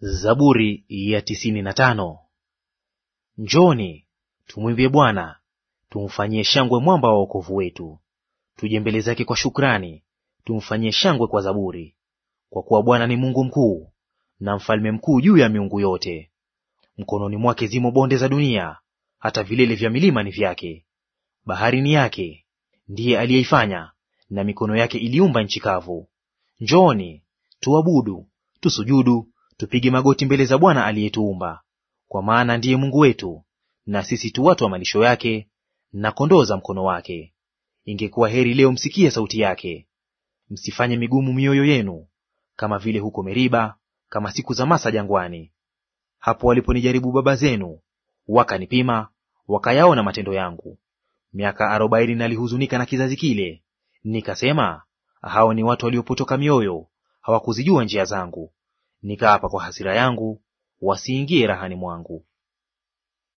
Zaburi ya tisini na tano. Njoni tumwimbie Bwana, tumfanyie shangwe mwamba wa wokovu wetu. Tuje mbele zake kwa shukrani, tumfanyie shangwe kwa zaburi. Kwa kuwa Bwana ni Mungu mkuu na mfalme mkuu juu ya miungu yote. Mkononi mwake zimo bonde za dunia, hata vilele vya milima ni vyake. Bahari ni yake, ndiye aliyeifanya, na mikono yake iliumba nchi kavu. Njoni tuabudu, tusujudu tupige magoti mbele za Bwana aliyetuumba, kwa maana ndiye Mungu wetu, na sisi tu watu wa malisho yake na kondoo za mkono wake. Ingekuwa heri leo msikie sauti yake. Msifanye migumu mioyo yenu, kama vile huko Meriba, kama siku za Masa jangwani, hapo waliponijaribu baba zenu, wakanipima, wakayaona matendo yangu. Miaka arobaini nalihuzunika na kizazi kile, nikasema, hao ni watu waliopotoka mioyo, hawakuzijua njia zangu nikaapa kwa hasira yangu wasiingie rahani mwangu.